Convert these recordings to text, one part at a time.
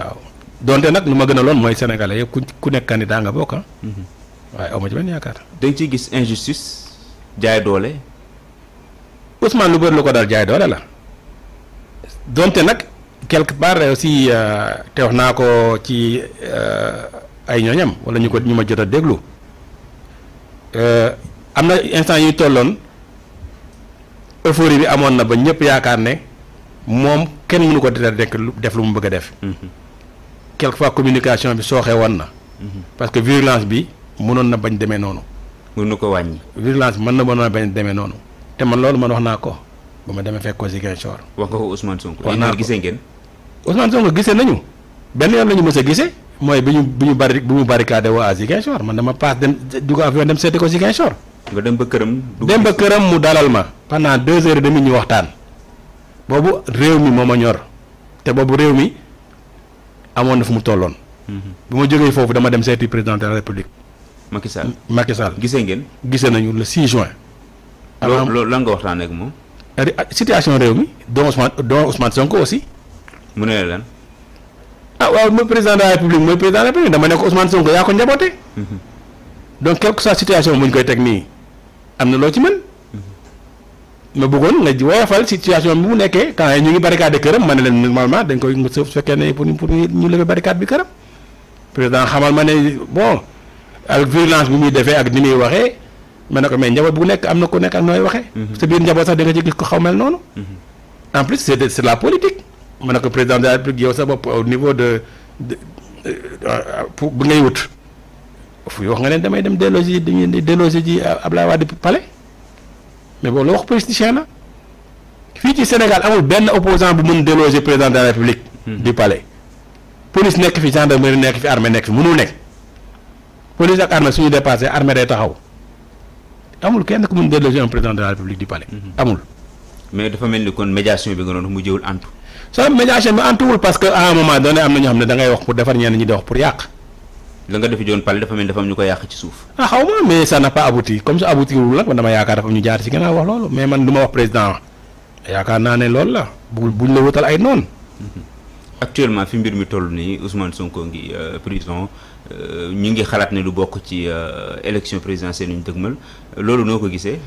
waaw donte nag lu ma gën a loon mooy sénégalais yëpp ku ku nekk candidat nga bokk ah. mhm. waaye aw ma ci benn yaakaar. dañ ciy gis injustice jaay doole. Ousmane lu bëri lu ko dal jaay doole la donte nag quelque part aussi euh, te wax naa ko ci euh, ay ñooñam wala ñu ko ñu ma jot a déglu euh, am na instant yuy tolloon euphorie bi amoon na ba ñëpp yaakaar ne moom kenn mënu ko dina def lu mu bëgg a def. Mhm. quelquefois communication bi sooxee woon na. Mhm. parce que virulence bi mënoon na bañ demee noonu. mën na ko wàññi. virulence bi mën na mënoon a bañ demee noonu te man loolu man wax naa ko ba ma demee fekk ko Ziguinchor. wax nga ko Ousmane Sonko. wax naa ko gisee ngeen. Ousmane Sonko gisee nañu benn yoon la ñu mës a gisee mooy bi ñu bi ñu bari bi mu barricadé woo à Ziguinchor man dama paas dem dugg avion dem seeti ko Ziguinchor. nga dem ba këram. dem ba këram mu dalal ma. pendant deux heures et demie ñu waxtaan boobu réew mi moo ma ñor te boobu réew mi. amoon na fu mu tolloon. Mhm. bu ma jógee foofu dama dem seeti président de la république. Macky Sall Macky Sall gisee ngeen. gisee nañu le 6 juin. alors loolu lan nga waxtaan ak moom. Ah, situation réew mi doomu Ousmane doomu Ousmane Sonko aussi. mu ne lan. ah waaw mooy président de la république mooy président de la république dama ne ko Ousmane yaa ko njaboote. Mhm. donc quelque soit situation bu ñu koy teg nii am na loo ci mën. ma bëggoon nga woyofal situation bi mu nekkee temps yi ñu ngi barricade këram ma ne leen normalement dañ koy su fekkee ne pour ñu lever barricade bi këram président xamal ma ne bon ak virulence bi muy defee ak ni muy waxee ma ne ko mais njaboot bu nekk am na ku nekk ak nooy waxee. Mhm. sa biir njaboot sax da nga ci gis ko xaw mel noonu. Mhm. en plus c' est la politique. ma ne ko président de la République yow sa bopp au niveau de de euh, bu ngay wut. fu wax nga ne damay dem déloger dañuy déloger ji Ablaye Wade Palais. mais boobu la wax politicien na fii ci Sénégal amul benn opposant bu mën déloger président de la république. Hmm. du palais police nekk fi gendarmerie nekk fi armée nekk fi mënul nekk police ak armée suñu dépassé armée day taxaw amul kenn ku mën déloger un président de la république du palais. Hmm. amul. mais dafa mel ni kon médiation bi nga doon mu jëwul antu. soo médiation bi antuwul parce que à un moment donné am na ñoo xam ne da wax pour defar ñenn ñi di wax pour yàq. la nga defi doon pale dafa mel dafa ñu ko yàq ci suuf. ah xaw ma mais ça n'a pas abouti comme ça aboutirul nag man dama yaakaar dafa am ñu jaar ci gannaaw wax loolu mais man du wax président yaakaar naa ne loolu la bu bu ñu la wutal ay noonu. Mm-hmm. actuellement fi mbir mi toll nii Ousmane Sonko ngi euh, prison euh, ñu ngi xalaat ne lu bokk ci euh, élection présidentielle ñu dëgmal loolu noo ko gisee.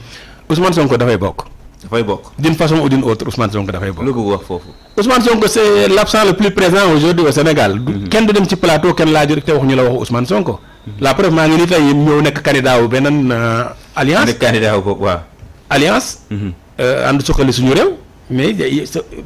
Ousmane Sonko dafay bokk. dafay bokk d'une façon ou d'une autre Ousmane Sonko dafay bokk. lu Sonko c' est le plus présent aujourd'hui au Sénégal. Mm-hmm. kenn du dem ci plateau kenn laaju rek te waxuñu la waxu Ousmane Sonko. Mm-hmm. la preuve maa ngi nii tey ñëw nekk candidat wu euh, alliance. nekk candidat mm-hmm. euh, suqali suñu réew. mais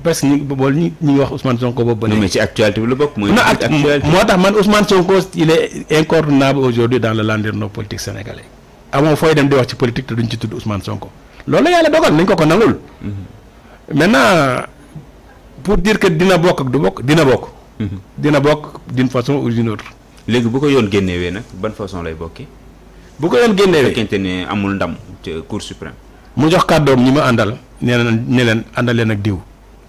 presque ñu bool ñu ngi wax Ousmane Sonko boobu ba léegi. mais ci actualité bi lu bokk. mooy actualité moo tax man Ousmane Sonko il est incontournable aujourd'hui dans le landerneau politique sénégalais. amoo fooy dem di wax ci politique te duñ ci tudd Ousmane Sonko loolu la yàlla dogal nañ ko ko nangul. maintenant pour dire que dina bokk du bokk dina bokk. dina bokk d'une façon ou d'une autre. léegi bu ko yoon génnewee nag ban façon lay bokkee. bu ko yoon génnewee fekkente ne amul ndam ci cour mu jox kàddoom ñi mu àndal nee na ne leen àndal leen ak diw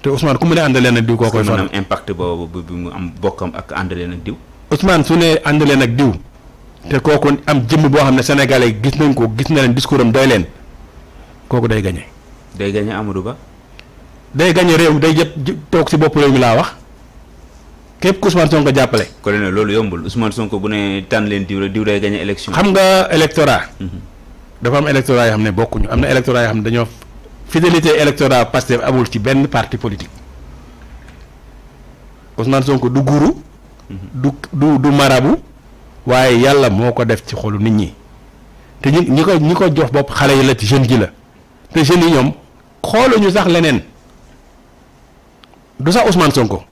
te Ousmane ku mu ne àndal leen ak diw koo koy faral am impact bi mu am bokkam ak àndal leen ak diw. Ousmane su ne àndal leen ak diw te kooku am jëmm boo xam ne sénégalais gis nañ ko gis na leen discours am doy leen. kooku day gañe day gañe Amadou Ba. day gañe réew day jëpp toog si bopp réew mi laa wax képp ku Ousmane ko jàppale. colonel loolu yombul Ousmane Sonko bu ne tànn leen diw diw day gañe élection. xam nga électorat. Mhm. dafa am électorat yoo xam ne bokkuñu am na électorat yoo xam ne dañoo fidélité électorat Pastef amul ci benn parti politique Ousmane Sonko du guru. Mhm. du du marabu. waaye yàlla moo ko def ci xolu nit ñi te ñi ñi ko ñi ko jox bopp xale yi la ci jeune gi la. te jeunes yi ñoom ñu sax leneen du sax Ousmane Sonko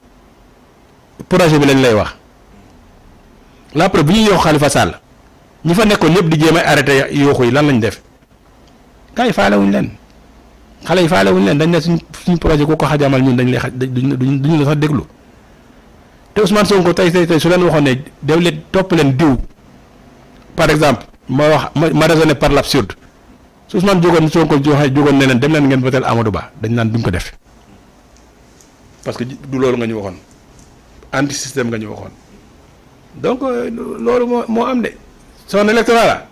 projet bi lañ lay wax la bu bi ñuy yokk Khalifa Sall ñi fa nekkoon ñëpp di jéem a arrêté yooxu yi lan lañu def gars yi faalewuñ leen xale yi faalewuñ leen dañ ne suñ suñ projet ku ko xajamal ñun dañ lay xaj duñ duñ la sax déglu te Ousmane Sonko tey tey tey su leen waxoon ne def leen topp leen diw par exemple ma wax ma raisonné par l'absurde su Ousmane jógoon Sonko jógoon neneen dem leen ngeen votel Amadou Ba dañ naan duñ ko def parce que du loolu nga ñu waxoon anti système nga ñu waxoon donc euh, loolu moo moo am de son électorat la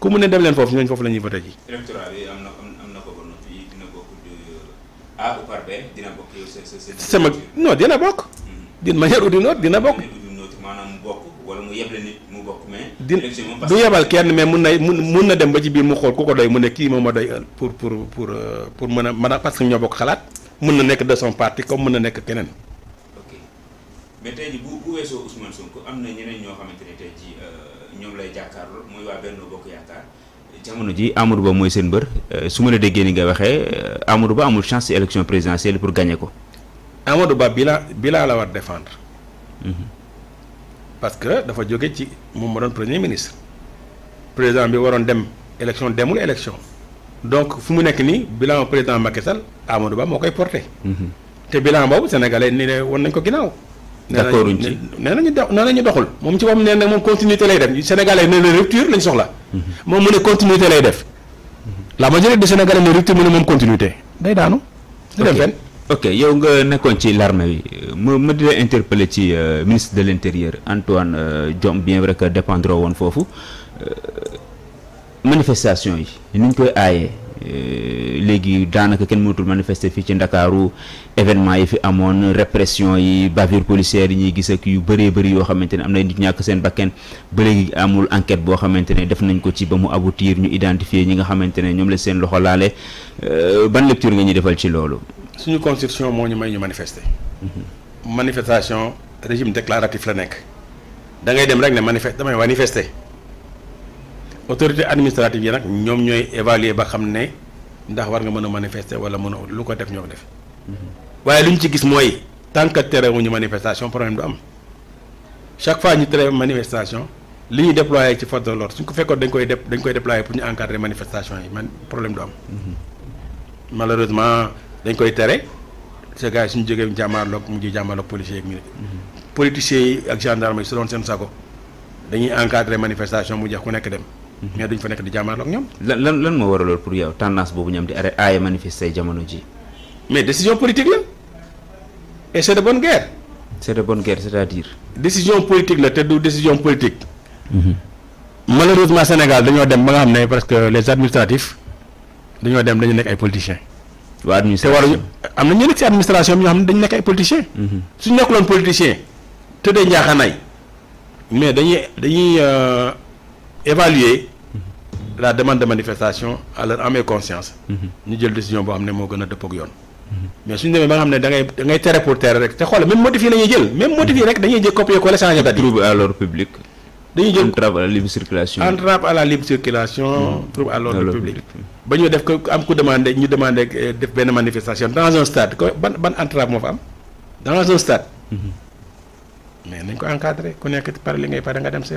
ku mu ne dem leen foofu ñooñu foofu la ñuy voté ji. électorat bi am na am dina bokk A dina bokk bokk mais. di du yebal kenn mais mun na mun na dem ba ci biir mu xool ku ko doy mu ne kii moom ma doy euh, pour pour pour euh, pour mën a mën a parce que ñoo bokk xalaat mun na nekk de son parti comme mun na nekk keneen. ok tey jii bu bu am na ñeneen ñoo xamante ne euh, lay jàkkaarloo muy waa jamono ji Amadou Ba mooy seen mbër su ma la déggee ni nga waxee Amadou Ba amul chance ci élection présidentielle pour gagner ko. Amadou Ba bi la bi laa la war défendre. Mhm. parce que dafa jóge ci moom ma doon premier ministre président bi waroon dem élection demul élection donc fu mu nekk nii bilan président Macky Sall Amadou Ba moo koy porté. Mhm. te bilan boobu sénégalais ni ne woon nañ ko ginnaaw. d'accord ñu ci nee nañu dox nee nañu doxul moom ci moom nee na moom continuité lay def sénégalais nee na rupture lañ soxla. Mhm. moom mu ne continuité lay def. Mhm. la majorité des sénégalais ne rupture mu ne moom continuité day daanu. du dem ok yow nga nekkoon ci l'armée bi ma ma di la interpeller ci euh, ministre de l'intérieur Antoine euh, Diome bien vrai que dépendre woon foofu euh, manifestation yi ni ñu koy aayee léegi daanaka kenn mënatul manifester fii ci Ndakaaru événement yi fi amoon répression yi bavure policière yi ñuy gis ak yu bëree bëri yoo xamante ne am na nit ñàkk seen bakken ba léegi amul enquête boo xamante ne def nañ ko ci ba mu aboutir ñu identifier ñi nga xamante ne ñoom la seen loxo laale ban lecture nga ñuy defal ci loolu. suñu constitution moo ñu may ñu manifester. manifestation régime déclaratif la nekk da ngay dem rek ne manifeste damay manifester autorité administrative yi nag ñoom ñooy évaluer ba xam ne ndax war nga mën a manifester wala mën a lu ko def ñoo def waaye lu ñu ci gis mooy tant que ñu manifestation problème du am chaque fois ñu tere manifestation li ñuy déployé ci force de l'ordre suñ ko fekkoon dañ koy def dañ koy déployé pour ñu encadrer manifestation yi man problème du am mm-hmm. dañ koy tere sa gars yi suñu jógee jàmmaarloog mu ngi jàmmaarloog policiers yi politiciens yi ak gendarme yi su doon seen sago dañuy encadrer manifestation mu jeex ku nekk dem. mais duñ fa nekk di jàmmaarloog ñoom. lan lan lan moo waraloon pour yow tendance boobu ñoom di arrêté aaye manifester jamono ji. mais décision politique la et c' est de bonne guerre. c' est de bonne guerre c' à dire. décision politique la te du décision politique. Mm-hmm. malheureusement Sénégal dañoo dem ba nga xam ne parce que les administratifs dañoo dem dañu nekk ay politiciens. waa administration te waruñu am na ñu nekk si administration bi ñoo xam ne dañu nekk ay politiciens. Mhm. suñu nekkuloon politiciens te day njaaxaanay mais dañuy dañuy euh, évaluer mhm. la demande de manifestation à leur âme et conscience. Mhm. ñu jël décision boo xam ne moo gën a dëppoo ak yoon. mais suñu demee ba nga xam ne da ngay da ngay tere pour tere rek te xoolal même motif yi jël même motif rek dañuy jël copier coller changer date yi trouble à public. dañuy jël entrave à la libre circulation entrave à la libre circulation. trouble à l'ordre public. ba ñu def ko am ku demande ñu demande euh, def benn manifestation dans un stade ko ban ban entrave moo fa am dans un stade. Mhm. mais nañ ko encadré ku nekk par li ngay pare nga dem sa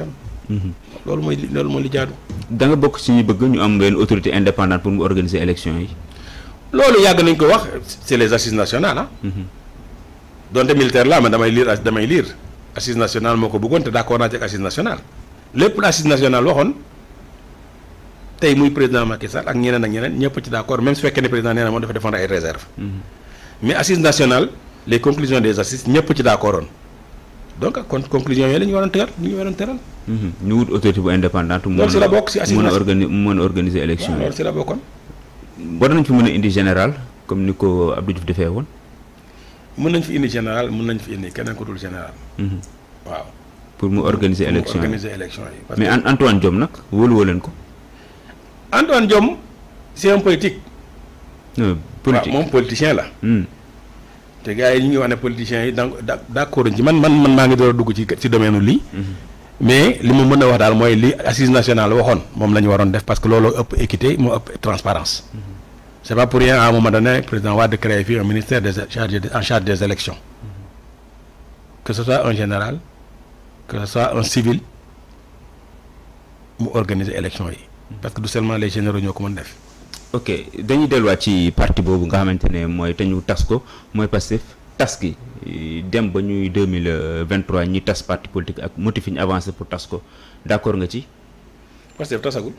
mhm. loolu mooy loolu mooy li jaadu. da nga bokk si ñu bëgg ñu am benn autorité indépendante pour mu organiser élection yi. loolu yàgg nañ ko wax c'est les assises nationales ah. Mhm. donte militaire laa ma damay liir damay liir. assise nationale moo ko bëggoon te d'accord naa ci ak assise nationale lépp la assise nationale waxoon tey muy président Macky ak ñeneen ak ñeneen ñëpp ci d'accord même su fekkee ne président nee na moom dafa défendre ay réserve mhm. mais assise nationale les conclusions des assises ñëpp ci d'accord woon donc kon conclusion yooyu la ñu waroon tëral ñu waroon tëral. Mhm. ñu wut autorité bu indépendante. bokk si assise nationale mu mën organiser élection yi. loolu nañ fi mën a indi général comme ni ko Abdou defee woon. mën nañ fi indi général mën nañ fi indi keneen ku dul général. Mhm. waaw. pour mu organiser élection yi parce que mais Antoine Diome nag wóoluwoo leen ko. Antoine Diome c'est un politique. Euh, moom politicien la. Hmm. te gars yi ñu ngi wax ne politiciens yi da d'accord ci man man man maa ngi door a dugg ci ci domaine lii. Mhm. mais li mu mën a wax daal mooy li assise nationale waxoon moom la ñu waroon def parce que looloo ëpp équité moo ëpp transparence mhm. c'est pas pour rien à un moment donné président Wade créé fii un ministère des chargé en charge des que ce soit un général que ce soit un civil mu organiser élection yi parce que du seulement les généraux ñoo ko mën def ok dañuy delluwaat ci parti boobu nga xamante ne mooy te ñu tas ko mooy Pastef tas gi dem ba ñuy mille 2023 ñi tas parti politique ak motif yi ñu avancé pour tas ko d'accord nga ci Pastef tasagul